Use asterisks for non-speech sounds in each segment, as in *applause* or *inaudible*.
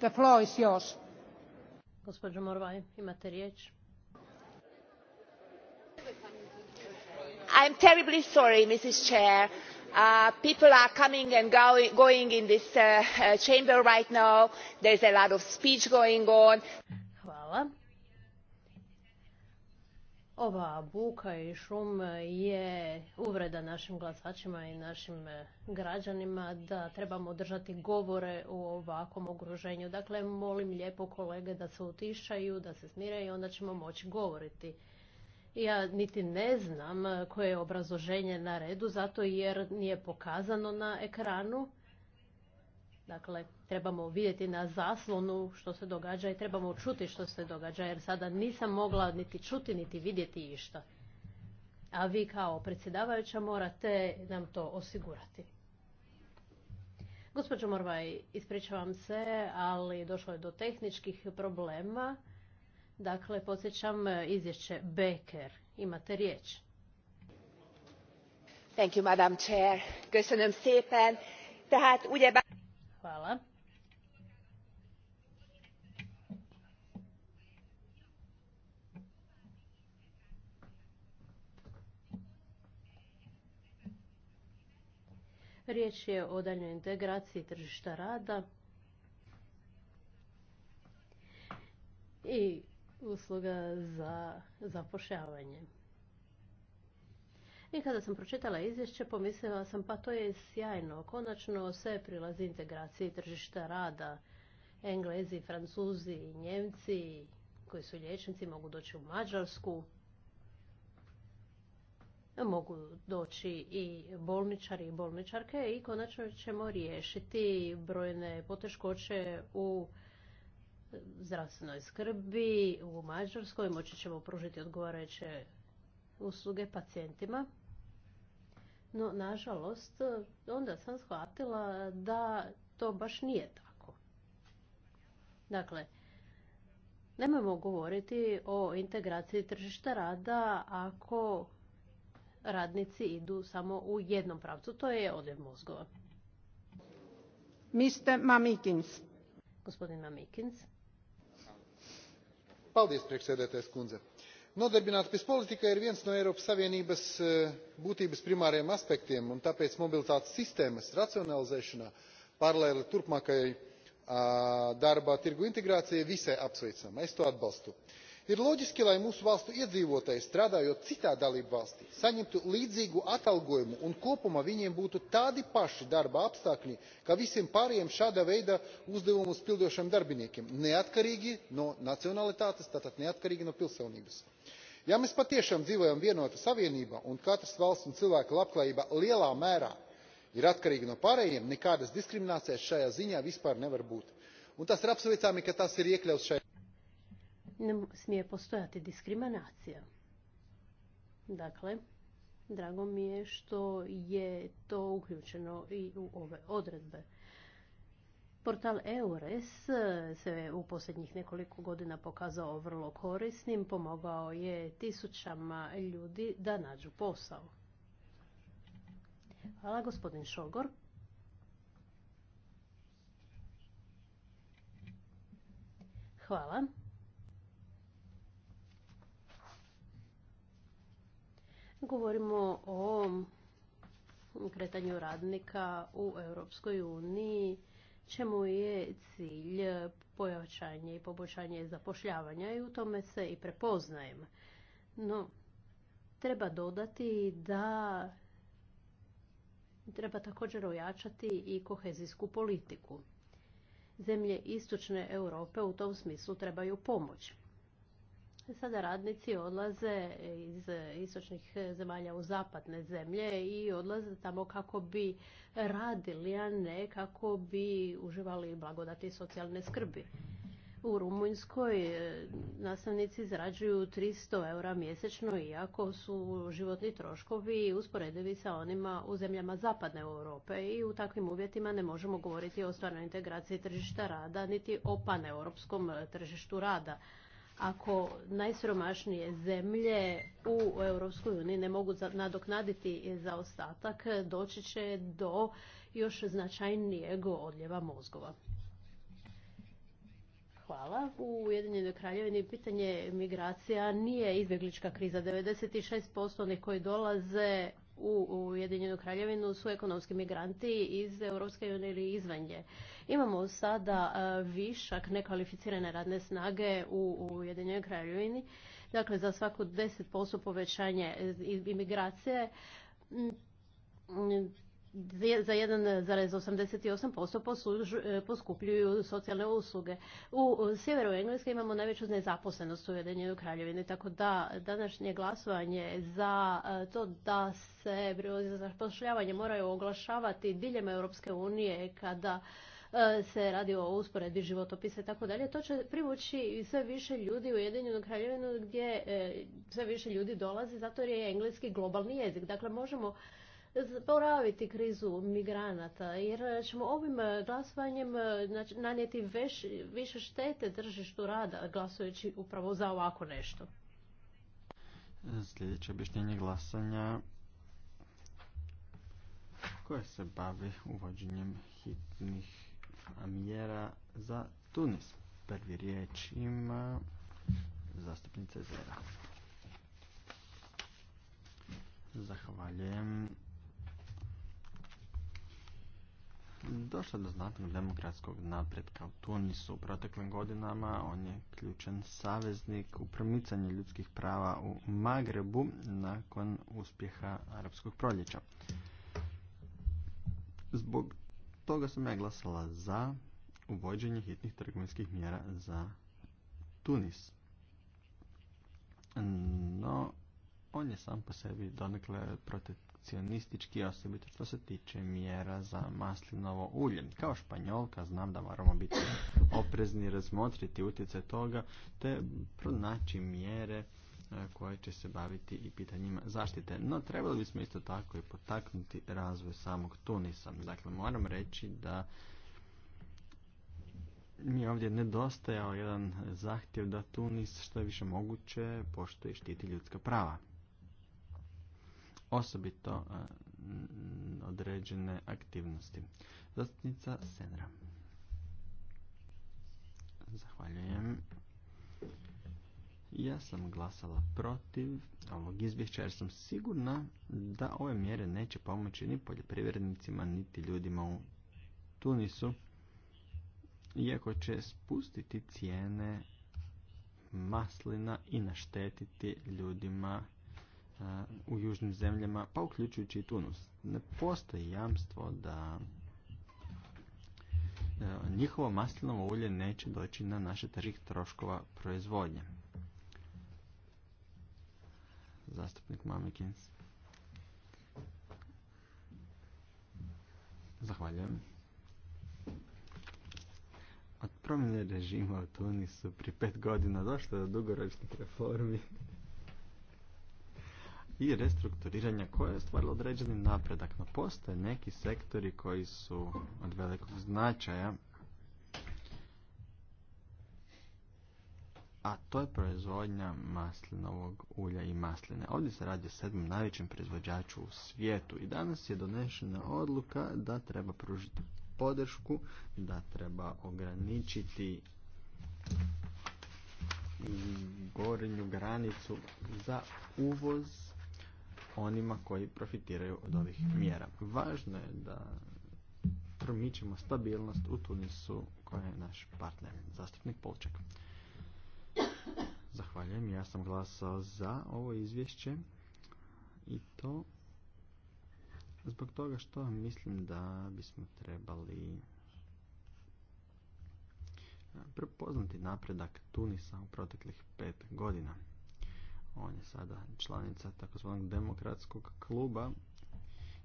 The floor imate riječ. I'm terribly sorry, Mrs. Chair. Uh, people are coming and going, in this uh, uh, chamber right now. there is a lot of speech going on. Ova buka i šum je uvreda našim glasačima i našim e, građanima da trebamo držati govore u ovakvom okruženju. Dakle, molim lijepo kolege da se utišaju, da se smire i onda ćemo moći govoriti. Ja niti ne znam koje je obrazoženje na redu, zato jer nije pokazano na ekranu. Dakle, trebamo vidjeti na zaslonu što se događa i trebamo čuti što se događa, jer sada nisam mogla niti čuti, niti vidjeti išta. A vi kao predsjedavajuća morate nam to osigurati. Gospođo Morvaj, ispričavam se, ali došlo je do tehničkih problema. Dakle, podsjećam izvješće Beker. Imate riječ. Thank you, Madam Chair. szépen. Tehát, ugyebár... Hvala. Riječ je o daljnjoj integraciji tržišta rada i usluga za zapošljavanje. I kada sam pročitala izvješće, pomislila sam pa to je sjajno. Konačno se prilazi integraciji tržišta rada. Englezi, Francuzi, Njemci koji su liječnici mogu doći u Mađarsku. Mogu doći i bolničari i bolničarke i konačno ćemo riješiti brojne poteškoće u zdravstvenoj skrbi u Mađarskoj. Moći ćemo pružiti odgovarajuće usluge pacijentima. No, nažalost, onda sam shvatila da to baš nije tako. Dakle, nemojmo govoriti o integraciji tržišta rada ako radnici idu samo u jednom pravcu. To je odljev mozgova. Mr. Mamikins. Gospodin Mamikins nodarbināt bez politika ir viens no Eiropas Savienības e, būtības primāriem aspektiem, un tāpēc mobilitātes sistēmas racionalizēšana, paralēli turpmākajai darba tirgu integrācijai visai apsveicama. Es to atbalstu ir loģiski lai mūsu valstu iedzīvotāji strādājot citā valstī, saņemtu līdzīgu atalgojumu un kopumā viņiem būtu tādi paši darba apstākļi kā visiem pārējiem šāda veida uzdevumus pildošiem darbiniekiem neatkarīgi no nacionalitātes tātad neatkarīgi no pilsonības. ja mēs patiešām dzīvojam vienotā savienībā un katras valsts un cilvēka labklājība lielā mērā ir atkarīga no pārējiem nekādas diskriminācijas šajā ziņā vispār nevar būt. un tas ir apsveicami ka tas ir iekļauts šajā ne smije postojati diskriminacija. Dakle, drago mi je što je to uključeno i u ove odredbe. Portal EURES se u posljednjih nekoliko godina pokazao vrlo korisnim, pomogao je tisućama ljudi da nađu posao. Hvala gospodin Šogor. Hvala. Govorimo o kretanju radnika u Europskoj uniji, čemu je cilj pojačanje i poboljšanje zapošljavanja i u tome se i prepoznajem. No, treba dodati da treba također ojačati i kohezijsku politiku. Zemlje istočne Europe u tom smislu trebaju pomoć sada radnici odlaze iz istočnih zemalja u zapadne zemlje i odlaze tamo kako bi radili, a ne kako bi uživali blagodati socijalne skrbi. U Rumunjskoj e, nastavnici zarađuju 300 eura mjesečno, iako su životni troškovi usporedivi sa onima u zemljama zapadne Europe i u takvim uvjetima ne možemo govoriti o stvarnoj integraciji tržišta rada niti o paneuropskom tržištu rada ako najsiromašnije zemlje u Europskoj uniji ne mogu nadoknaditi zaostatak, doći će do još značajnijeg odljeva mozgova. Hvala. U Ujedinjenoj kraljevini pitanje migracija nije izbjeglička kriza. 96% onih koji dolaze u Ujedinjenu kraljevinu su ekonomski migranti iz Europske unije ili izvan Imamo sada e, višak nekvalificirane radne snage u Ujedinjenoj kraljevini, dakle za svaku 10% povećanje e, imigracije mm, za 1,88% e, poskupljuju socijalne usluge. U sjeveru Engleske imamo najveću nezaposlenost u Ujedinjenoj kraljevini, tako da današnje glasovanje za to da se za zapošljavanje moraju oglašavati diljem Europske unije kada E, se radi o usporedbi životopisa i tako dalje, to će privući sve više ljudi u Ujedinjenu kraljevinu gdje e, sve više ljudi dolazi zato jer je engleski globalni jezik. Dakle, možemo zaboraviti krizu migranata jer ćemo ovim e, glasovanjem nanijeti više štete držištu rada glasujući upravo za ovako nešto. Sljedeće objašnjenje glasanja koje se bavi uvođenjem hitnih mjera za Tunis. Prvi riječ ima zastupnica Zera. Zahvaljujem. Došlo do znatnog demokratskog napretka u Tunisu u proteklim godinama. On je ključan saveznik u promicanju ljudskih prava u Magrebu nakon uspjeha arapskog proljeća. Zbog toga sam ja glasala za uvođenje hitnih trgovinskih mjera za Tunis. No, on je sam po sebi donekle protekcionistički, osobito što se tiče mjera za maslinovo ulje. Kao španjolka znam da moramo biti oprezni, razmotriti utjecaj toga, te pronaći mjere E, koje će se baviti i pitanjima zaštite. No, trebali bismo isto tako i potaknuti razvoj samog Tunisa. Dakle, moram reći da mi je ovdje nedostajao jedan zahtjev da Tunis što je više moguće poštuje štiti ljudska prava. Osobito e, određene aktivnosti. Zastupnica Senra. Zahvaljujem. Ja sam glasala protiv ovog izvješća jer sam sigurna da ove mjere neće pomoći ni poljoprivrednicima niti ljudima u Tunisu, iako će spustiti cijene maslina i naštetiti ljudima u južnim zemljama, pa uključujući i Tunus. Ne postoji jamstvo da njihovo maslinovo ulje neće doći na naše tržih troškova proizvodnje zastupnik Mamikins. Zahvaljujem. Od promjene režima u Tunisu pri pet godina došlo do dugoročnih reformi i restrukturiranja koje je stvarilo određeni napredak. No postoje neki sektori koji su od velikog značaja a to je proizvodnja maslinovog ulja i masline. Ovdje se radi o sedmom najvećem proizvođaču u svijetu i danas je donešena odluka da treba pružiti podršku, da treba ograničiti gorenju granicu za uvoz onima koji profitiraju od ovih mjera. Važno je da promičemo stabilnost u Tunisu koja je naš partner, zastupnik Polčak. Zahvaljujem, ja sam glasao za ovo izvješće i to zbog toga što mislim da bismo trebali prepoznati napredak Tunisa u proteklih pet godina. On je sada članica takozvanog demokratskog kluba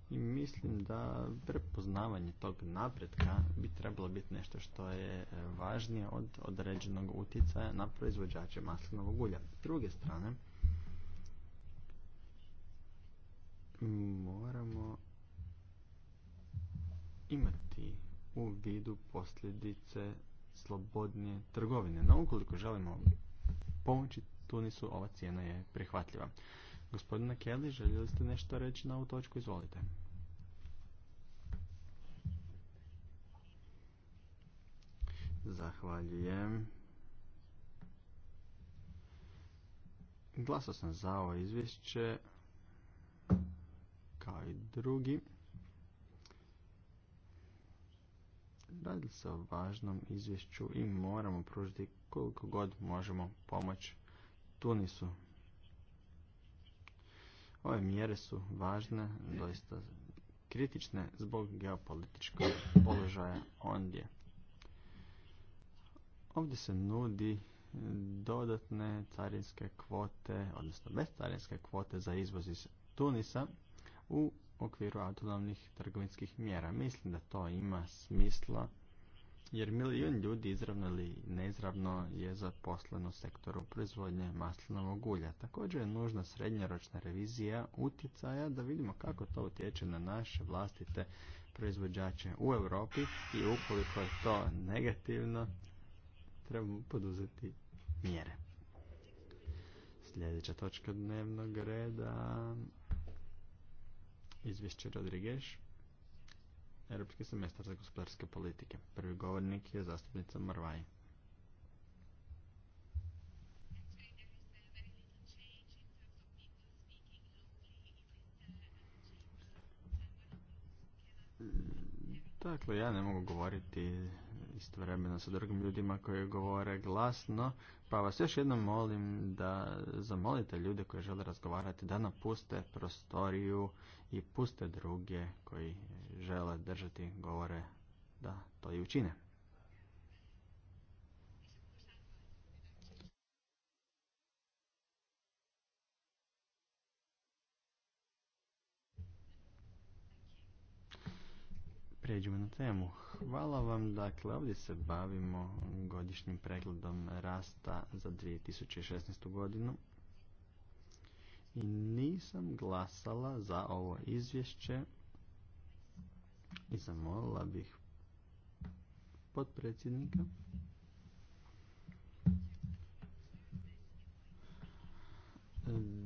i mislim da prepoznavanje tog napretka bi trebalo biti nešto što je e, važnije od određenog utjecaja na proizvođače maslinovog ulja. S druge strane, moramo imati u vidu posljedice slobodne trgovine. No, ukoliko želimo pomoći nisu ova cijena je prihvatljiva. Gospodine Kelly, željeli ste nešto reći na ovu točku? Izvolite. Zahvaljujem. Glasao sam za ovo izvješće kao i drugi. Radi se o važnom izvješću i moramo pružiti koliko god možemo tu nisu. Ove mjere su važne, doista kritične zbog geopolitičkog položaja ondje. Ovdje se nudi dodatne carinske kvote, odnosno carinske kvote za izvoz iz Tunisa u okviru autonomnih trgovinskih mjera. Mislim da to ima smisla jer milijun ljudi izravno ili neizravno je zaposleno u sektoru proizvodnje maslinovog ulja. Također je nužna srednjoročna revizija utjecaja da vidimo kako to utječe na naše vlastite proizvođače u Europi i ukoliko je to negativno, trebamo poduzeti mjere. Sljedeća točka dnevnog reda, izvješće Rodrigeš. Europski semestar za gospodarske politike. Prvi govornik je zastupnica Marvaj. Dakle, ja ne mogu govoriti istovremeno sa drugim ljudima koji govore glasno, pa vas još jednom molim da zamolite ljude koji žele razgovarati da napuste prostoriju i puste druge koji žele držati govore da to i učine. prijeđemo na temu. Hvala vam. Dakle, ovdje se bavimo godišnjim pregledom rasta za 2016. godinu. I nisam glasala za ovo izvješće i zamolila bih potpredsjednika.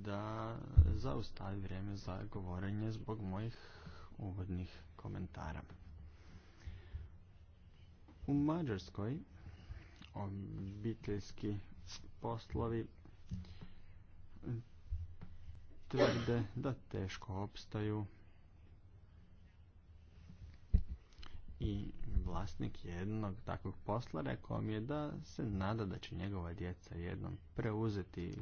da zaustavi vrijeme za govorenje zbog mojih uvodnih komentara. U Mađarskoj obiteljski poslovi tvrde da teško opstaju i vlasnik jednog takvog posla rekao mi je da se nada da će njegova djeca jednom preuzeti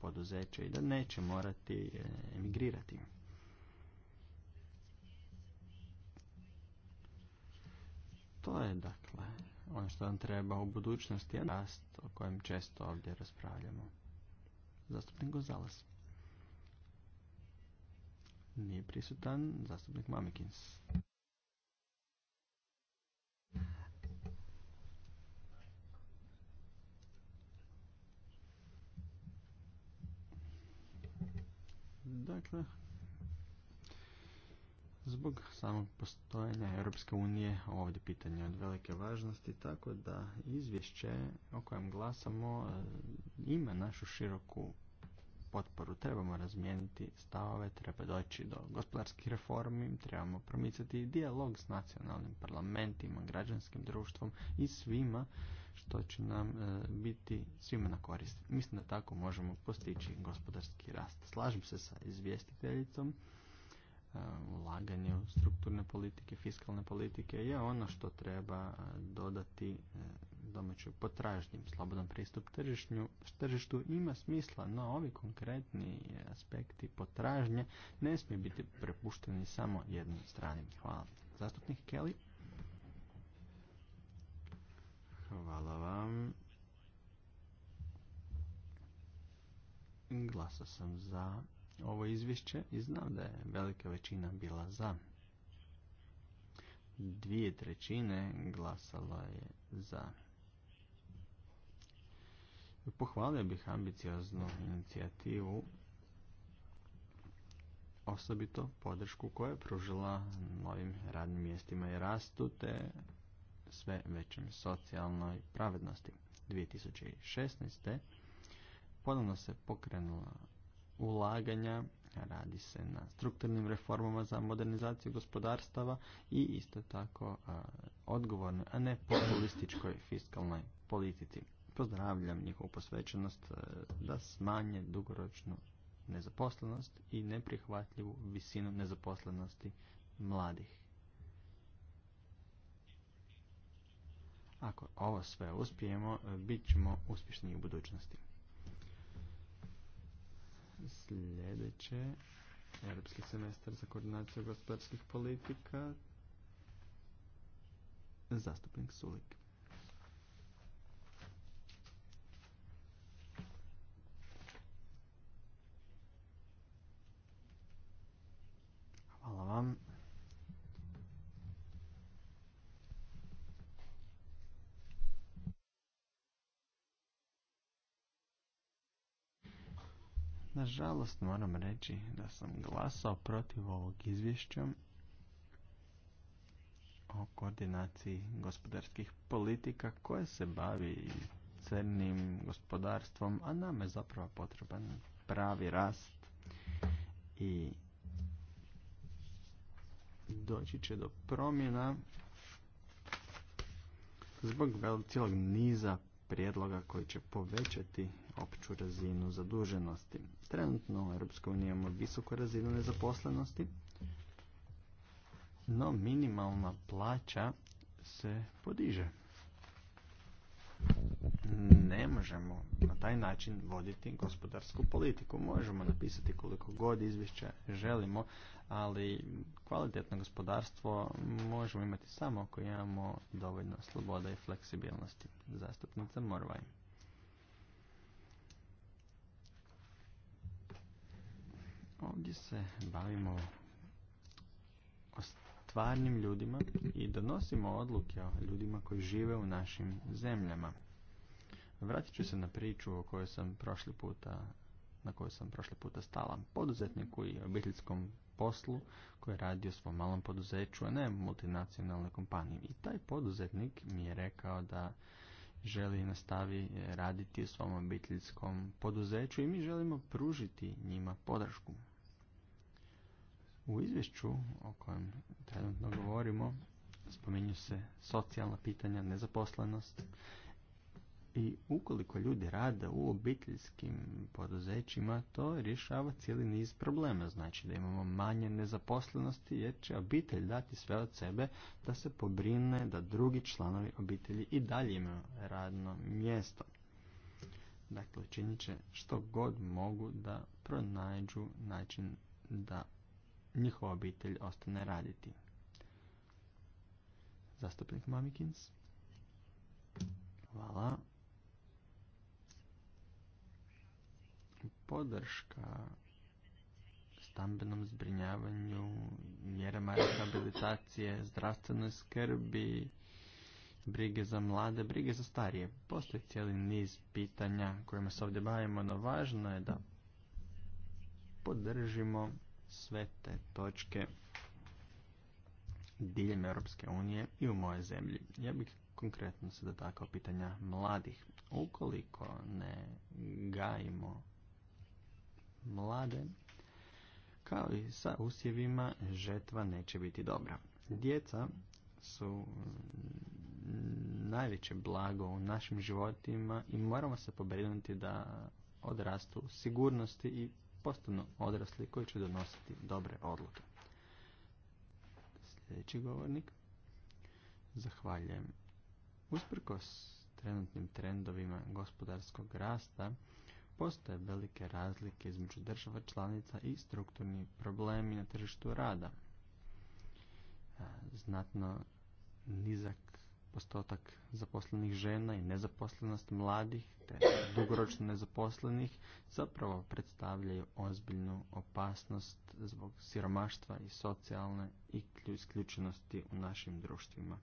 poduzeće i da neće morati eh, emigrirati. To je, dakle, ono što nam treba u budućnosti je rast o kojem često ovdje raspravljamo. Zastupnik Gonzales. Nije prisutan zastupnik Mamikins. Dakle, Zbog samog postojanja Europske unije ovdje pitanje od velike važnosti, tako da izvješće o kojem glasamo e, ima našu široku potporu. Trebamo razmijeniti stavove, treba doći do gospodarskih reformi, trebamo promicati dijalog s nacionalnim parlamentima, građanskim društvom i svima što će nam e, biti svima na korist. Mislim da tako možemo postići gospodarski rast. Slažem se sa izvjestiteljicom ulaganje u strukturne politike, fiskalne politike je ono što treba dodati e, domaćoj potražnji. Slobodan pristup tržišnju, tržištu ima smisla, no ovi konkretni e, aspekti potražnje ne smije biti prepušteni samo jednoj strani. Hvala. Zastupnik Kelly. Hvala vam. Glasa sam za ovo izvješće i znam da je velika većina bila za. Dvije trećine glasala je za. Pohvalio bih ambicioznu inicijativu, osobito podršku koja je pružila novim radnim mjestima i rastu, te sve većem socijalnoj pravednosti. 2016. ponovno se pokrenula ulaganja, radi se na strukturnim reformama za modernizaciju gospodarstava i isto tako odgovornoj, a ne populističkoj fiskalnoj politici. Pozdravljam njihovu posvećenost da smanje dugoročnu nezaposlenost i neprihvatljivu visinu nezaposlenosti mladih. Ako ovo sve uspijemo, bit ćemo uspješni u budućnosti sljedeće Europski semestar za koordinaciju gospodarskih politika. Zastupnik Sulik. Hvala vam. Nažalost moram reći da sam glasao protiv ovog izvješća o koordinaciji gospodarskih politika koje se bavi crnim gospodarstvom, a nam je zapravo potreban pravi rast i doći će do promjena zbog cijelog niza prijedloga koji će povećati opću razinu zaduženosti. Trenutno u EU imamo visoku razinu nezaposlenosti, no minimalna plaća se podiže. Ne možemo na taj način voditi gospodarsku politiku. Možemo napisati koliko god izvješća želimo, ali kvalitetno gospodarstvo možemo imati samo ako imamo dovoljno sloboda i fleksibilnosti. Zastupnica Morvaj. Ovdje se bavimo o stvarnim ljudima i donosimo odluke o ljudima koji žive u našim zemljama. Vratit ću se na priču o kojoj sam prošli puta na kojoj sam prošli puta stala poduzetniku i obiteljskom poslu koji radi radio svom malom poduzeću, a ne multinacionalnoj kompaniji. I taj poduzetnik mi je rekao da želi nastavi e, raditi u svom obiteljskom poduzeću i mi želimo pružiti njima podršku. U izvješću o kojem trenutno govorimo spominju se socijalna pitanja, nezaposlenost, i ukoliko ljudi rade u obiteljskim poduzećima, to rješava cijeli niz problema. Znači da imamo manje nezaposlenosti jer će obitelj dati sve od sebe da se pobrine da drugi članovi obitelji i dalje imaju radno mjesto. Dakle, činit će što god mogu da pronađu način da njihova obitelj ostane raditi. Zastupnik Mamikins. Hvala. podrška stambenom zbrinjavanju, mjerama rehabilitacije, zdravstvenoj skrbi, brige za mlade, brige za starije. Postoji cijeli niz pitanja kojima se ovdje bavimo, no važno je da podržimo sve te točke diljem Europske unije i u moje zemlji. Ja bih konkretno se dotakao pitanja mladih. Ukoliko ne gajimo mlade, kao i sa usjevima žetva neće biti dobra. Djeca su najveće blago u našim životima i moramo se pobrinuti da odrastu u sigurnosti i postavno odrasli koji će donositi dobre odluke. Sljedeći govornik. Zahvaljujem. Usprkos trenutnim trendovima gospodarskog rasta, postoje velike razlike između država članica i strukturni problemi na tržištu rada. E, znatno nizak postotak zaposlenih žena i nezaposlenost mladih te dugoročno nezaposlenih zapravo predstavljaju ozbiljnu opasnost zbog siromaštva i socijalne i isključenosti u našim društvima.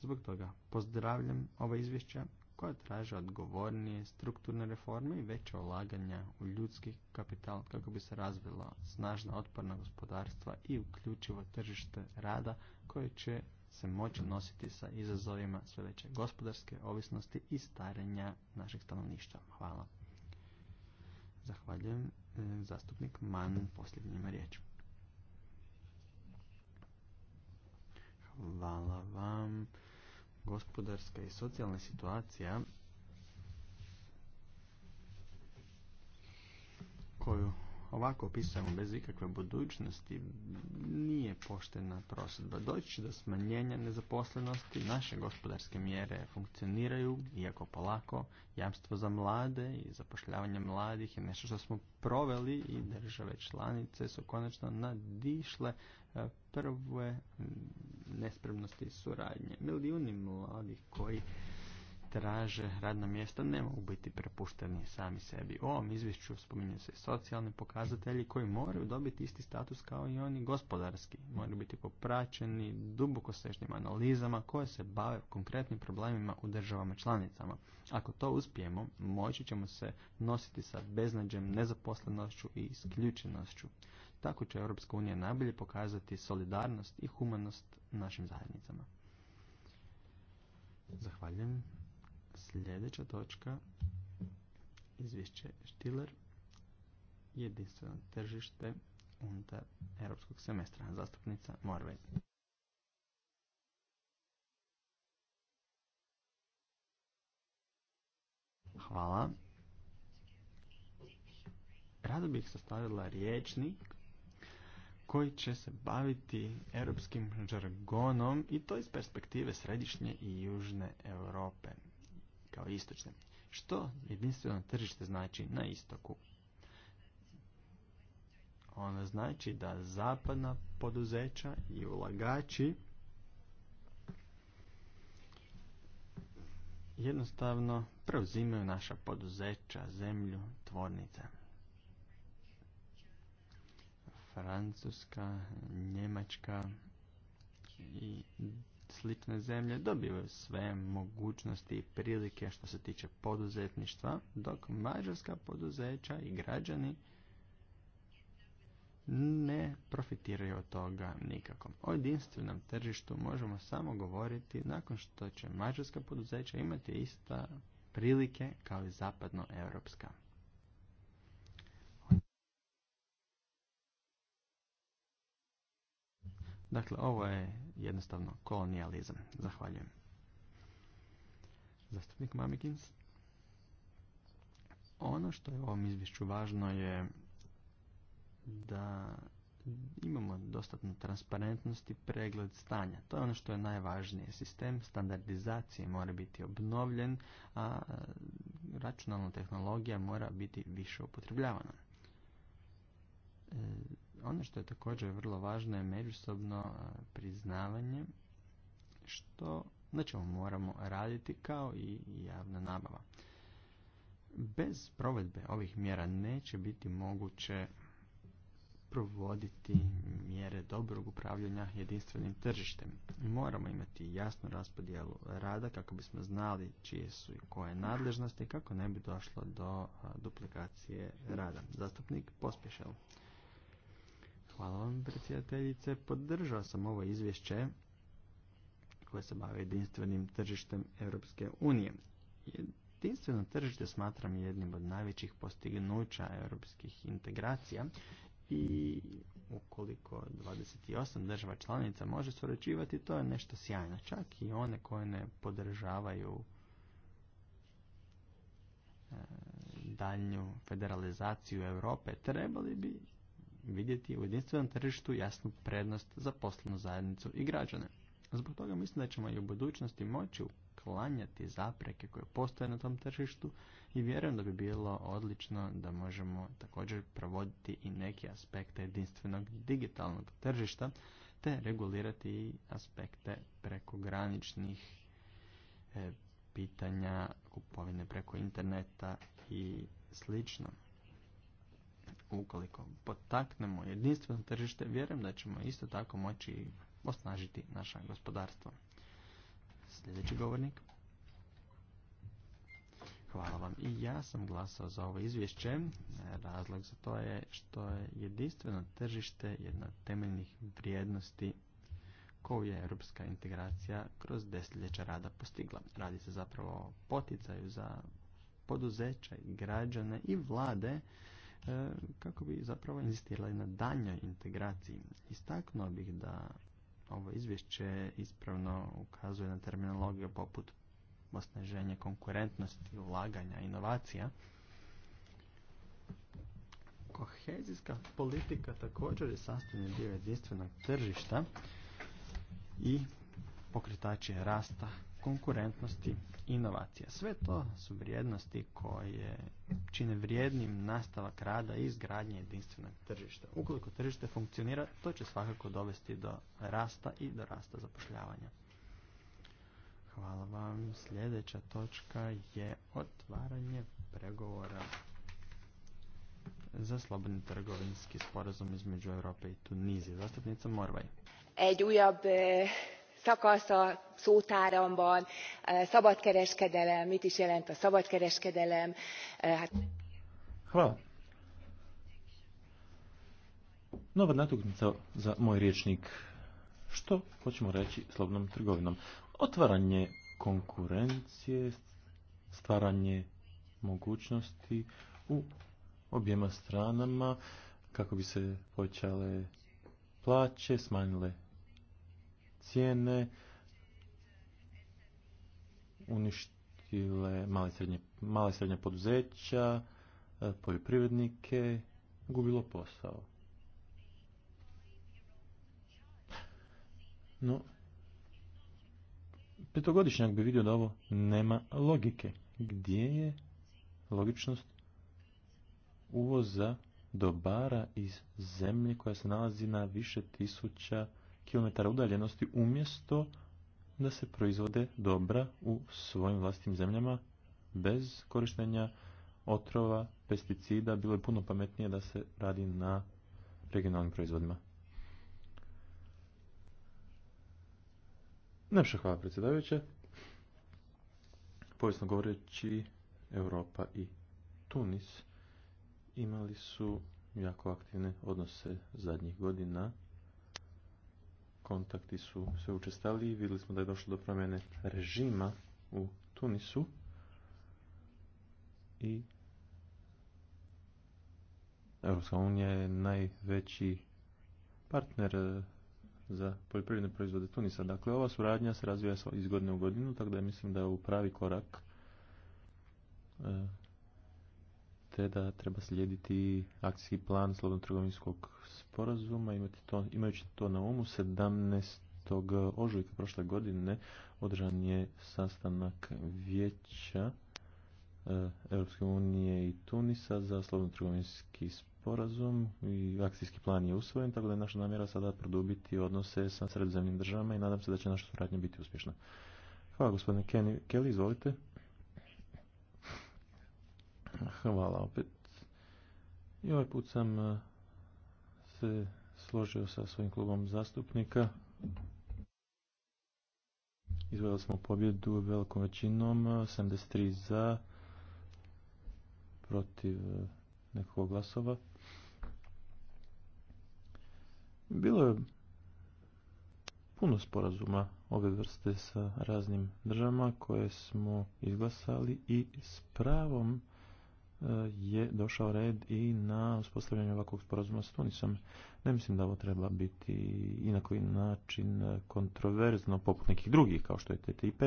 Zbog toga pozdravljam ova izvješća koja traže odgovornije strukturne reforme i veća ulaganja u ljudski kapital kako bi se razvila snažna otporna gospodarstva i uključivo tržište rada koje će se moći nositi sa izazovima sve veće gospodarske ovisnosti i starenja našeg stanovništva. Hvala. Zahvaljujem e, zastupnik Man posljednjima riječ. Hvala vam gospodarska i socijalna situacija koju ovako opisujemo bez ikakve budućnosti nije poštena prosudba. Doći do smanjenja nezaposlenosti, naše gospodarske mjere funkcioniraju, iako polako, jamstvo za mlade i zapošljavanje mladih je nešto što smo proveli i države članice su konačno nadišle eh, prve nespremnosti suradnje. Milijuni mladih koji traže radna mjesta ne mogu biti prepušteni sami sebi. U ovom izvješću spominju se socijalni pokazatelji koji moraju dobiti isti status kao i oni gospodarski. Moraju biti popraćeni duboko analizama koje se bave konkretnim problemima u državama članicama. Ako to uspijemo, moći ćemo se nositi sa beznađem, nezaposlenošću i isključenošću. Tako će Europska unija najbolje pokazati solidarnost i humanost našim zajednicama. Zahvaljujem. Sljedeća točka, izvješće Štiler, jedinstveno tržište unutar europskog semestra. Zastupnica Morve. Hvala. Rado bih sastavila riječnik koji će se baviti europskim žargonom i to iz perspektive središnje i južne Europe kao istočne. Što jedinstveno tržište znači na istoku? Ono znači da zapadna poduzeća i ulagači jednostavno preuzimaju naša poduzeća, zemlju, tvornice. Francuska, Njemačka i slične zemlje dobivaju sve mogućnosti i prilike što se tiče poduzetništva, dok mađarska poduzeća i građani ne profitiraju od toga nikako. O jedinstvenom tržištu možemo samo govoriti nakon što će mađarska poduzeća imati ista prilike kao i zapadnoevropska. Dakle, ovo je jednostavno kolonijalizam. Zahvaljujem. Zastupnik Mamikins. Ono što je u ovom izvješću važno je da imamo dostatnu transparentnost i pregled stanja. To je ono što je najvažnije. Sistem standardizacije mora biti obnovljen, a e, računalna tehnologija mora biti više upotrebljavana. E, ono što je također vrlo važno je međusobno e, priznavanje što na čemu moramo raditi kao i javna nabava. Bez provedbe ovih mjera neće biti moguće provoditi mjere dobrog upravljanja jedinstvenim tržištem. Moramo imati jasnu raspodjelu rada kako bismo znali čije su i koje nadležnosti kako ne bi došlo do e, duplikacije rada. Zastupnik pospješao. Hvala vam, predsjedateljice. Podržao sam ovo izvješće koje se bave jedinstvenim tržištem Europske unije. Jedinstveno tržište smatram jednim od najvećih postignuća europskih integracija i ukoliko 28 država članica može surađivati, to je nešto sjajno. Čak i one koje ne podržavaju e, daljnju federalizaciju Europe trebali bi vidjeti u jedinstvenom tržištu jasnu prednost za poslovnu zajednicu i građane. Zbog toga mislim da ćemo i u budućnosti moći uklanjati zapreke koje postoje na tom tržištu i vjerujem da bi bilo odlično da možemo također provoditi i neke aspekte jedinstvenog digitalnog tržišta te regulirati i aspekte prekograničnih e, pitanja kupovine preko interneta i slično ukoliko potaknemo jedinstveno tržište, vjerujem da ćemo isto tako moći osnažiti naša gospodarstvo. Sljedeći govornik. Hvala vam. I ja sam glasao za ovo izvješće. Razlog za to je što je jedinstveno tržište jedna od temeljnih vrijednosti koju je europska integracija kroz desetljeća rada postigla. Radi se zapravo o poticaju za poduzeća, građane i vlade E, kako bi zapravo inzistirali na daljnjoj integraciji. Istaknuo bih da ovo izvješće ispravno ukazuje na terminologiju poput osnaženja konkurentnosti, ulaganja, inovacija. Kohezijska politika također je sastavni dio jedinstvenog tržišta i pokretači rasta konkurentnosti inovacija. Sve to su vrijednosti koje čine vrijednim nastavak rada i izgradnje jedinstvenog tržišta. Ukoliko tržište funkcionira, to će svakako dovesti do rasta i do rasta zapošljavanja. Hvala vam. Sljedeća točka je otvaranje pregovora za slobodni trgovinski sporazum između Europe i Tunizije. Zastupnica Morvaj szakasz a szótáramban e, szabadkereskedelem mit is jelent a szabadkereskedelem e, Nova pa natuknica za moj rječnik. Što hoćemo reći slobodnom trgovinom? Otvaranje konkurencije, stvaranje mogućnosti u objema stranama kako bi se povećale plaće, smanjile cijene uništile male srednje, male srednje poduzeća, e, poljoprivrednike, gubilo posao. No, petogodišnjak bi vidio da ovo nema logike. Gdje je logičnost uvoza dobara iz zemlje koja se nalazi na više tisuća kilometara udaljenosti umjesto da se proizvode dobra u svojim vlastitim zemljama bez korištenja otrova, pesticida, bilo je puno pametnije da se radi na regionalnim proizvodima. Najpša hvala predsjedavajuće. Povijesno govoreći Europa i Tunis imali su jako aktivne odnose zadnjih godina kontakti su sve učestaliji. Vidjeli smo da je došlo do promjene režima u Tunisu i Europska unija je najveći partner eh, za poljoprivredne proizvode Tunisa. Dakle, ova suradnja se razvija iz godine u godinu, tako da mislim da je u pravi korak eh, te da treba slijediti akcijski plan slobodno trgovinskog sporazuma. to, imajući to na umu, 17. ožujka prošle godine održan je sastanak vijeća e, Europske unije i Tunisa za slobodno trgovinski sporazum i akcijski plan je usvojen, tako da je naša namjera sada produbiti odnose sa sredozemnim državama i nadam se da će naša suradnja biti uspješna. Hvala gospodine Kelly, izvolite. *laughs* *laughs* Hvala opet. I ovaj put sam eh, se složio sa svojim klubom zastupnika. Izveli smo pobjedu velikom većinom, 73 eh, za, protiv eh, nekog glasova. Bilo je puno sporazuma ove vrste sa raznim državama koje smo izglasali i s pravom je došao red i na uspostavljanje ovakvog sporazuma s Tunisom. Ne mislim da ovo treba biti i na koji način kontroverzno poput nekih drugih kao što je TTIP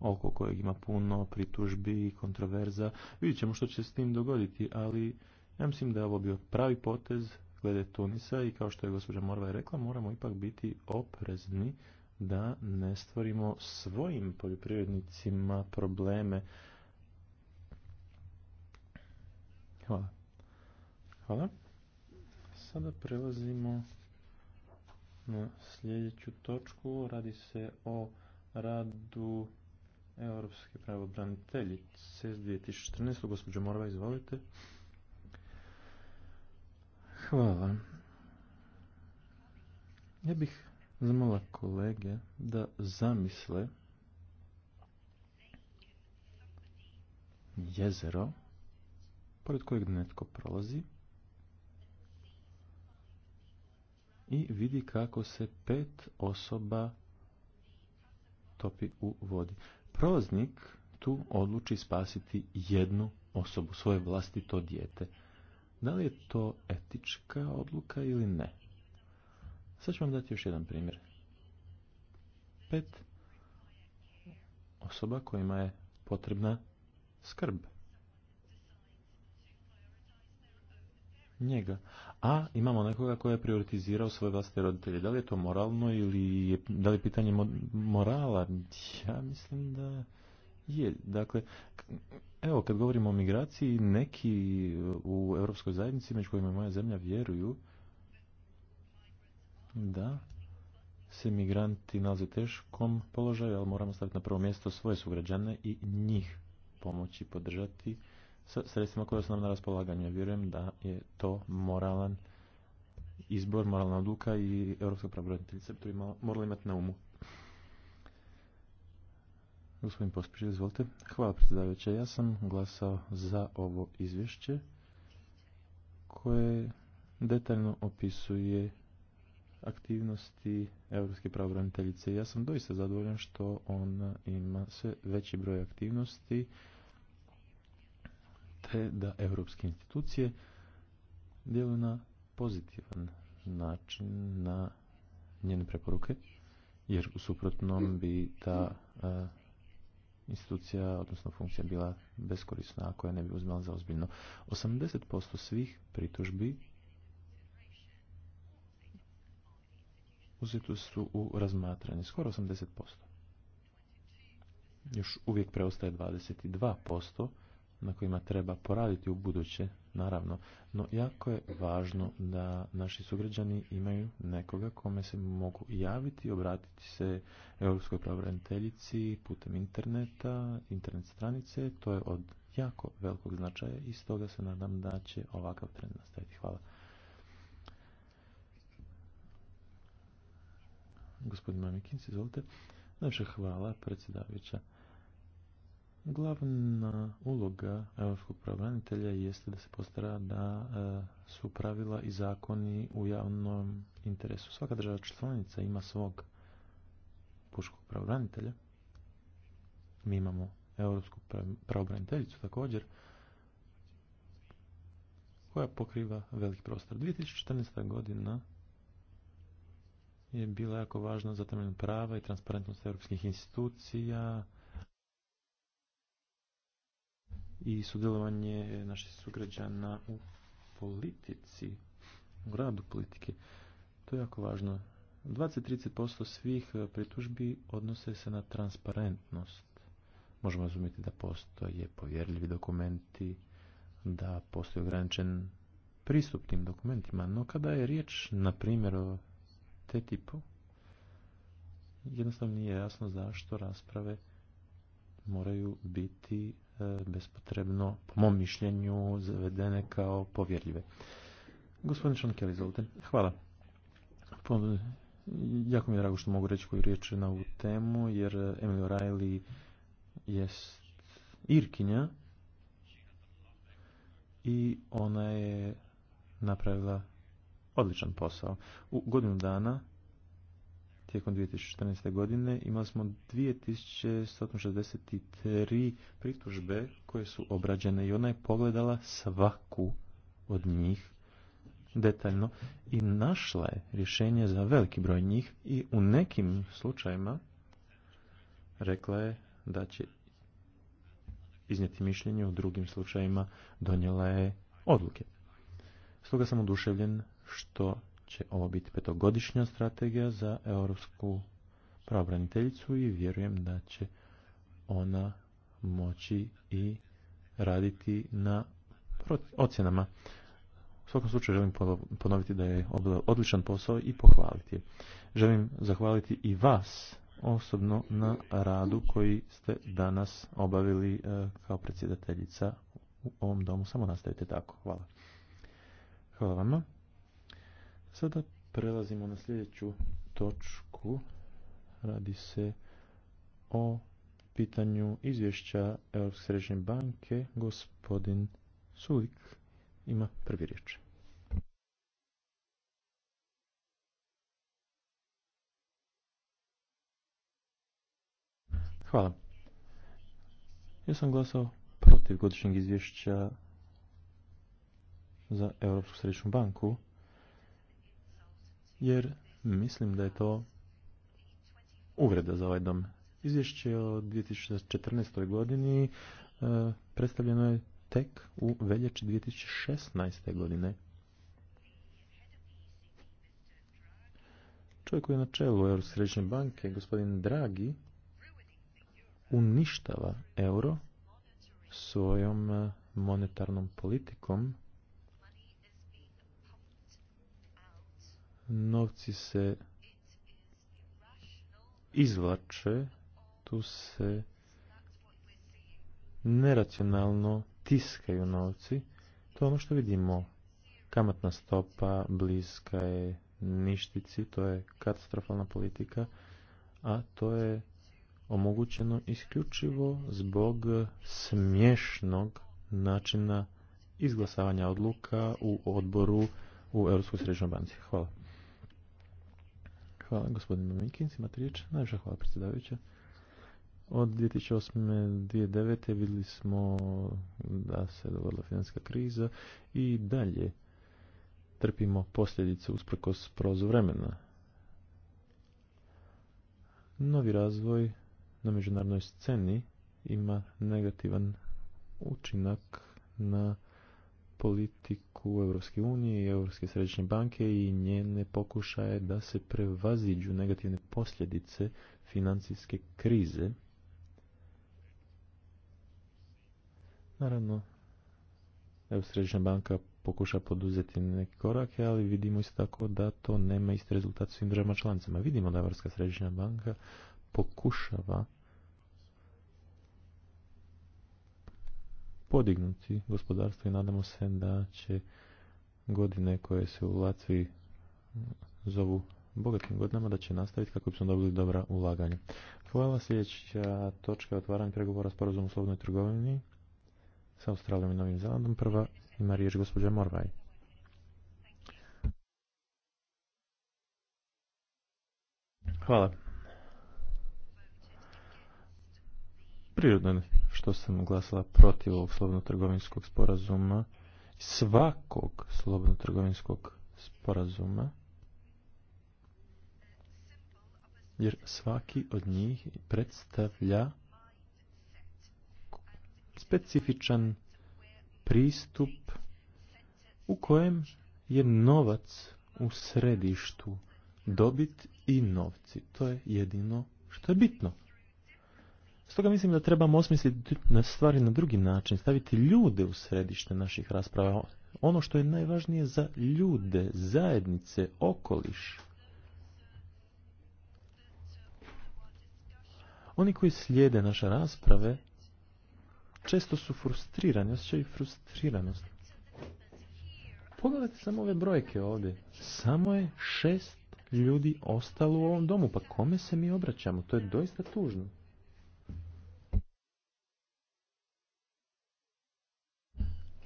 oko kojeg ima puno pritužbi i kontroverza. Vidjet ćemo što će s tim dogoditi, ali ja mislim da je ovo bio pravi potez glede Tunisa i kao što je gospođa Morva rekla, moramo ipak biti oprezni da ne stvorimo svojim poljoprivrednicima probleme Hvala. Hvala. Sada prelazimo na sljedeću točku. Radi se o radu Europske pravobraniteljice tisuće 2014. Gospođo Morava, izvolite. Hvala. Ja bih zamala kolege da zamisle jezero pored kojeg netko prolazi i vidi kako se pet osoba topi u vodi. Prolaznik tu odluči spasiti jednu osobu, svoje vlastito dijete. Da li je to etička odluka ili ne? Sad ću vam dati još jedan primjer. Pet osoba kojima je potrebna skrb. njega. A imamo nekoga koji je prioritizirao svoje vlastite roditelje. Da li je to moralno ili je, da li je pitanje morala? Ja mislim da je. Dakle, evo kad govorimo o migraciji, neki u Europskoj zajednici, među kojima je moja zemlja, vjeruju da se migranti nalaze u teškom položaju, ali moramo staviti na prvo mjesto svoje sugrađane i njih pomoći podržati s sredstvima koje su nam na raspolaganju. Ja vjerujem da je to moralan izbor, moralna odluka i Europska pravobraniteljica bi to morala imati na umu. Gospodin Pospišil, izvolite. Hvala predsjedavajuća. Ja sam glasao za ovo izvješće koje detaljno opisuje aktivnosti Europske pravobraniteljice. Ja sam doista zadovoljan što ona ima sve veći broj aktivnosti te da europske institucije djeluju na pozitivan način na njene preporuke, jer u suprotnom bi ta e, institucija, odnosno funkcija bila beskorisna ako je ne bi uzmela za ozbiljno. 80% svih pritužbi uzeti su u razmatranje, skoro 80%. Još uvijek preostaje 22% na kojima treba poraditi u buduće, naravno, no jako je važno da naši sugrađani imaju nekoga kome se mogu javiti, obratiti se Europskoj pravobraniteljici putem interneta, internet stranice, to je od jako velikog značaja i stoga se nadam da će ovakav trend nastaviti. Hvala. Gospodin Mamikins, izvolite. Najviše hvala predsjedavajuća. Glavna uloga europskog pravobranitelja jeste da se postara da e, su pravila i zakoni u javnom interesu. Svaka država članica ima svog puškog pravobranitelja. Mi imamo europsku pravobraniteljicu također koja pokriva veliki prostor. 2014. godina je bila jako važna za temeljno prava i transparentnost europskih institucija, i sudjelovanje naših sugrađana u politici, u radu politike. To je jako važno. 20-30% svih e, pritužbi odnose se na transparentnost. Možemo razumjeti da postoje povjerljivi dokumenti, da postoji ograničen pristup tim dokumentima, no kada je riječ, na primjer, o te tipu, jednostavno nije jasno zašto rasprave moraju biti E, bespotrebno, po mom mišljenju, zavedene kao povjerljive. Gospodin Šankel, izvolite. Hvala. Jako mi je drago što mogu reći koju riječ na ovu temu, jer Emily O'Reilly jest Irkinja i ona je napravila odličan posao. U godinu dana tijekom 2014. godine imali smo 2163 pritužbe koje su obrađene i ona je pogledala svaku od njih detaljno i našla je rješenje za veliki broj njih i u nekim slučajima rekla je da će iznijeti mišljenje, u drugim slučajima donijela je odluke. Stoga sam oduševljen što će ovo biti petogodišnja strategija za europsku pravobraniteljicu i vjerujem da će ona moći i raditi na ocjenama. U svakom slučaju želim ponoviti da je odličan posao i pohvaliti. Želim zahvaliti i vas osobno na radu koji ste danas obavili e, kao predsjedateljica u ovom domu. Samo nastavite tako. Hvala. Hvala vama. Sada prelazimo na sljedeću točku. Radi se o pitanju izvješća Europske središnje banke. Gospodin Sulik ima prvi riječ. Hvala. Ja sam glasao protiv godišnjeg izvješća za Europsku središnju banku jer mislim da je to uvreda za ovaj dom. Izvješće o 2014. godini e, predstavljeno je tek u veljači 2016. godine. Čovjek koji je na čelu euro središnje banke, gospodin dragi uništava euro svojom e, monetarnom politikom novci se izvlače, tu se neracionalno tiskaju novci. To je ono što vidimo. Kamatna stopa bliska je ništici, to je katastrofalna politika, a to je omogućeno isključivo zbog smješnog načina izglasavanja odluka u odboru u Europskoj središnjoj banci. Hvala. Hvala, gospodin Mikins, imate riječ. Najviše hvala, predsjedavajuća. Od 2008. 2009. vidjeli smo da se dogodila financijska kriza i dalje trpimo posljedice usprkos prozu vremena. Novi razvoj na međunarodnoj sceni ima negativan učinak na politiku Europske unije i Europske središnje banke i njene pokušaje da se prevaziđu negativne posljedice financijske krize. Naravno, Europska središnja banka pokuša poduzeti neke korake, ali vidimo isto tako da to nema isti rezultat svim državama članicama. Vidimo da Europska središnja banka pokušava podignuti gospodarstvo i nadamo se da će godine koje se u Latviji zovu bogatim godinama da će nastaviti kako bi smo dobili dobra ulaganja. Hvala sljedeća točka otvaranja pregovora s porozumom u slobodnoj trgovini sa Australijom i Novim Zelandom. Prva ima riječ gospođa Morvaj. Hvala. Prirodno što sam glasala protiv ovog slobodno-trgovinskog sporazuma, svakog slobodno-trgovinskog sporazuma, jer svaki od njih predstavlja specifičan pristup u kojem je novac u središtu, dobit i novci. To je jedino što je bitno. Stoga mislim da trebamo osmisliti na stvari na drugi način, staviti ljude u središte naših rasprava. Ono što je najvažnije za ljude, zajednice, okoliš. Oni koji slijede naše rasprave često su frustrirani, osjećaju frustriranost. Pogledajte samo ove brojke ovdje. Samo je šest ljudi ostalo u ovom domu. Pa kome se mi obraćamo? To je doista tužno.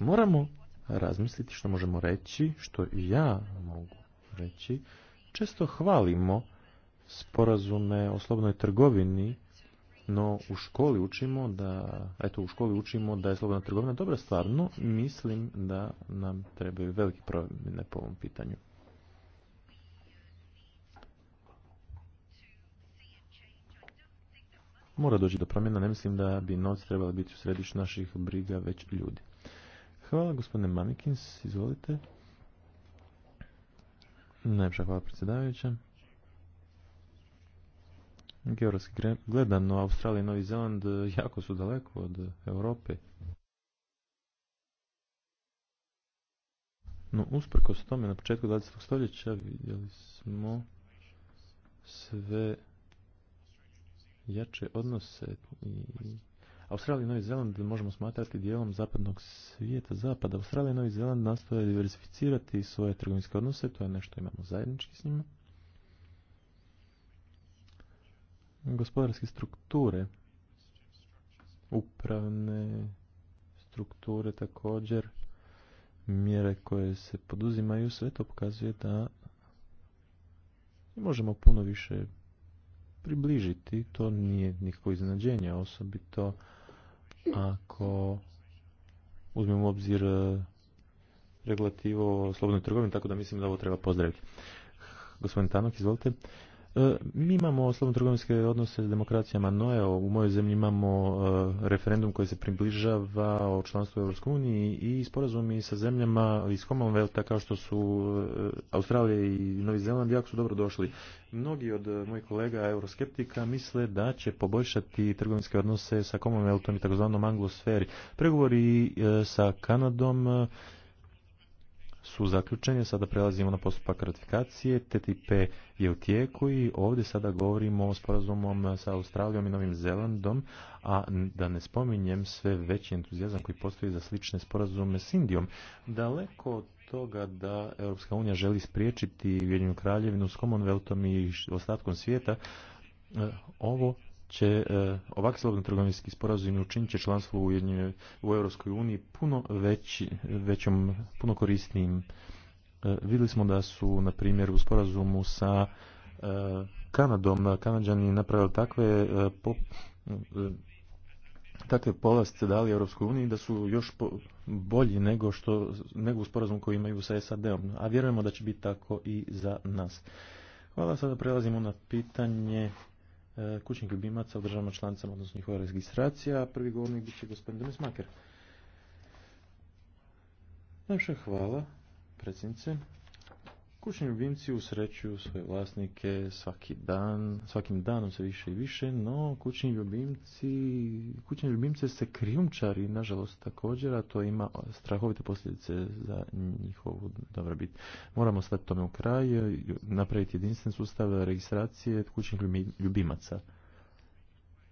Moramo razmisliti što možemo reći, što i ja mogu reći. Često hvalimo sporazume o slobodnoj trgovini, no u školi učimo da, eto u školi učimo da je slobodna trgovina dobra stvar, no mislim da nam trebaju veliki promjene po ovom pitanju. Mora doći do promjena, ne mislim da bi noc trebala biti u središtu naših briga, već ljudi. Hvala, gospodine Mamikins, izvolite. Najpša hvala predsjedavajuća. Geografski gledano, Australija i Novi Zeland e, jako su daleko od Europe. No, usprkos tome, na početku 20. stoljeća vidjeli smo sve jače odnose i Australija i Novi Zeland možemo smatrati dijelom zapadnog svijeta zapada. Australija i Novi Zeland nastoje diversificirati svoje trgovinske odnose, to je nešto imamo zajednički s njima. Gospodarske strukture, upravne strukture također, mjere koje se poduzimaju, sve to pokazuje da možemo puno više približiti, to nije nikako iznenađenje, osobito ako uzmemo u obzir e, regulativo o slobodnoj trgovini, tako da mislim da ovo treba pozdraviti. Gospodin Tanok, izvolite. E, mi imamo slobno trgovinske odnose s demokracijama, no u mojoj zemlji imamo e, referendum koji se približava o članstvu u Uniji i sporazumi sa zemljama iz Commonwealtha kao što su e, Australija i Novi Zeland jako su dobro došli. Mnogi od mojih kolega euroskeptika misle da će poboljšati trgovinske odnose sa Commonwealthom i takozvanom anglosferi. Pregovori sa Kanadom su zaključenje. Sada prelazimo na postupak ratifikacije. TTIP je u tijeku i ovdje sada govorimo o sporazumom sa Australijom i Novim Zelandom, a da ne spominjem sve veći entuzijazam koji postoji za slične sporazume s Indijom. Daleko od toga da Europska unija želi spriječiti Ujedinjenu kraljevinu s Commonwealthom i ostatkom svijeta, e, ovo će e, ovakvi slobodni trgovinski sporazum učinit će članstvo u, EU u Europskoj uniji puno veći, većom, puno korisnijim. E, vidjeli smo da su, na primjer, u sporazumu sa e, Kanadom, Kanadžani napravili takve po, takve povlastice dali Europskoj uniji da su još bolji nego što nego u sporazumu koji imaju sa SAD-om, a vjerujemo da će biti tako i za nas. Hvala, sada prelazimo na pitanje E, kućnih ljubimaca u državama članicama, odnosno njihova registracija. Prvi govornik bit će gospodin Domis Maker. hvala, predsjednice. Kućni ljubimci usrećuju svoje vlasnike svaki dan, svakim danom sve više i više, no kućni ljubimci, kućni ljubimce se krijumčari, nažalost također, a to ima strahovite posljedice za njihovu dobrobit. Moramo stati tome u kraj, napraviti jedinstven sustav registracije kućnih ljubimaca.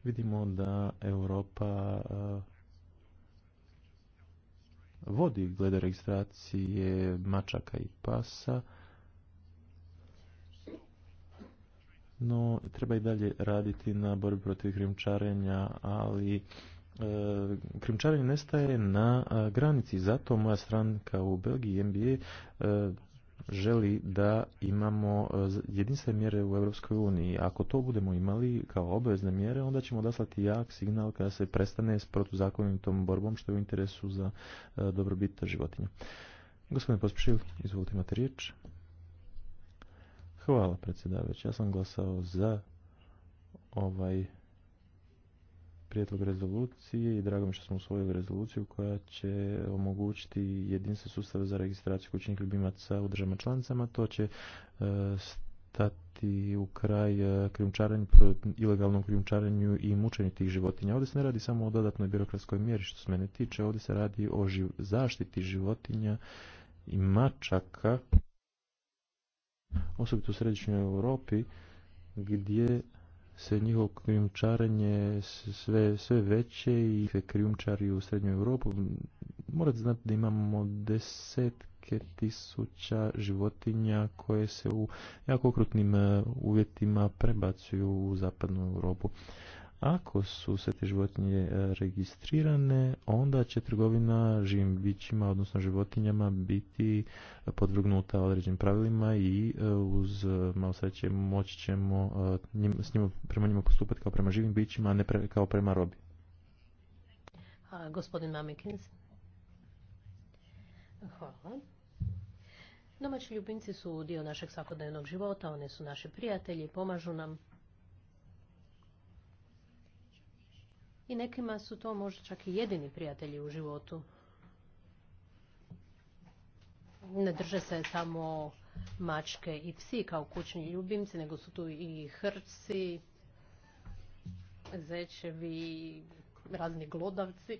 Vidimo da Europa vodi glede registracije mačaka i pasa, no treba i dalje raditi na borbi protiv krimčarenja, ali e, krimčarenje nestaje na e, granici. Zato moja stranka u Belgiji, MBA, e, želi da imamo jedinstvene mjere u Europskoj uniji. Ako to budemo imali kao obvezne mjere, onda ćemo odaslati jak signal kada se prestane s protuzakonitom borbom što je u interesu za dobrobit životinja. Gospodine Pospišil, izvolite imate riječ. Hvala predsjedavajući. Ja sam glasao za ovaj prijedlog rezolucije i drago mi što smo usvojili rezoluciju koja će omogućiti jedinstven sustav za registraciju kućnih ljubimaca u državama članicama. To će e, stati u kraj e, krijumčarenju, ilegalnom krijumčarenju i mučenju tih životinja. Ovdje se ne radi samo o dodatnoj birokratskoj mjeri što se mene tiče, ovdje se radi o zaštiti životinja i mačaka osobito u središnjoj Europi, gdje se njihovo krijumčarenje sve, sve veće i se krijumčari u srednju Europu Morate znati da imamo desetke tisuća životinja koje se u jako okrutnim eh, uvjetima prebacuju u zapadnu Europu. Ako su sve te životinje e, registrirane, onda će trgovina živim bićima, odnosno životinjama, biti podvrgnuta određenim pravilima i e, uz e, malo sreće moći ćemo s njima, prema njima postupati kao prema živim bićima, a ne pre, kao prema robi. A, gospodin Mamikins. Hvala. Domaći ljubimci su dio našeg svakodnevnog života, one su naši prijatelji, pomažu nam. i nekima su to možda čak i jedini prijatelji u životu. Ne drže se samo mačke i psi kao kućni ljubimci, nego su tu i hrci, zečevi, razni glodavci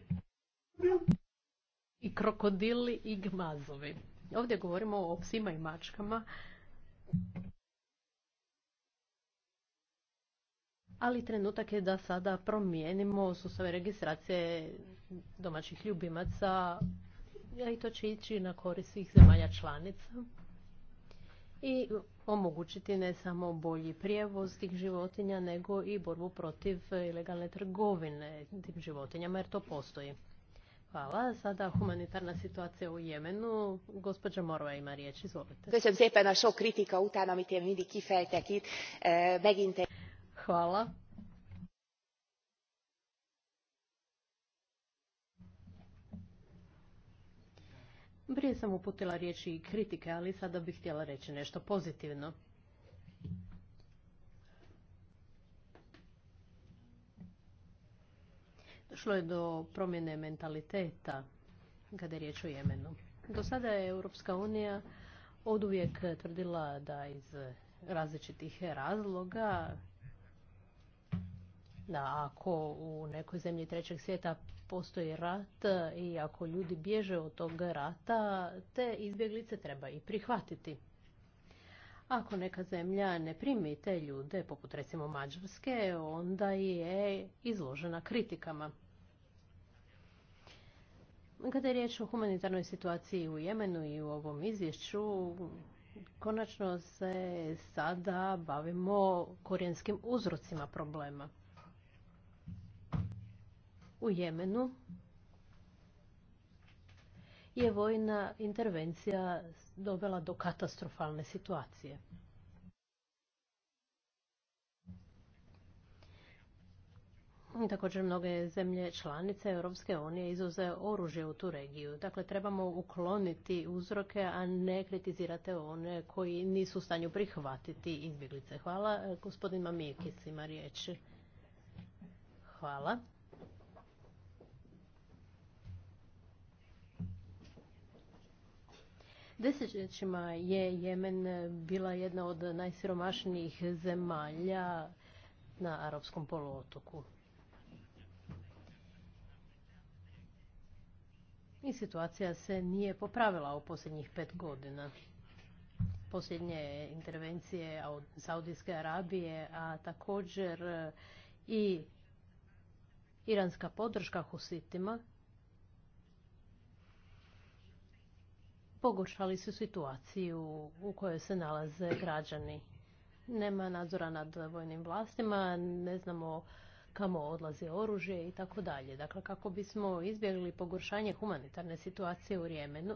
i krokodili i gmazovi. Ovdje govorimo o psima i mačkama ali trenutak je da sada promijenimo sustave registracije domaćih ljubimaca i to će ići na korist svih zemalja članica i omogućiti ne samo bolji prijevoz tih životinja, nego i borbu protiv ilegalne trgovine tim životinjama, jer to postoji. Hvala. Sada humanitarna situacija u Jemenu. Gospođa Morva ima riječ, izvolite. Hvala. kritika Hvala. Prije sam uputila riječi i kritike, ali sada bih htjela reći nešto pozitivno. Došlo je do promjene mentaliteta kada je riječ o Jemenu. Do sada je Europska unija oduvijek tvrdila da iz različitih razloga da ako u nekoj zemlji trećeg svijeta postoji rat i ako ljudi bježe od tog rata, te izbjeglice treba i prihvatiti. Ako neka zemlja ne primi te ljude, poput recimo Mađarske, onda je izložena kritikama. Kada je riječ o humanitarnoj situaciji u Jemenu i u ovom izvješću, konačno se sada bavimo korijenskim uzrocima problema u Jemenu je vojna intervencija dovela do katastrofalne situacije. Također mnoge zemlje članice Europske unije izuze oružje u tu regiju. Dakle, trebamo ukloniti uzroke, a ne kritizirati one koji nisu u stanju prihvatiti izbjeglice. Hvala. Gospodin Mamijekis ima riječ. Hvala. Desetljećima je Jemen e, bila jedna od najsiromašnijih zemalja na arapskom poluotoku. I situacija se nije popravila u posljednjih pet godina. Posljednje intervencije od Saudijske Arabije, a također e, i iranska podrška Husitima, pogoršali su situaciju u kojoj se nalaze građani. Nema nadzora nad vojnim vlastima, ne znamo kamo odlaze oružje i tako dalje. Dakle, kako bismo izbjegli pogoršanje humanitarne situacije u Rijemenu,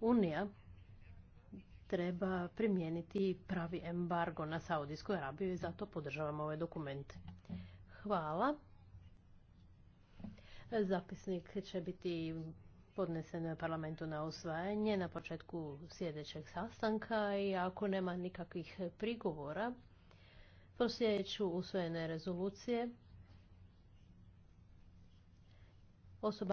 Unija treba primijeniti pravi embargo na Saudijsku Arabiju i zato podržavamo ove dokumente. Hvala. Zapisnik će biti podneseno je parlamentu na usvajanje na početku sljedećeg sastanka i ako nema nikakvih prigovora, proslijedit usvojene rezolucije.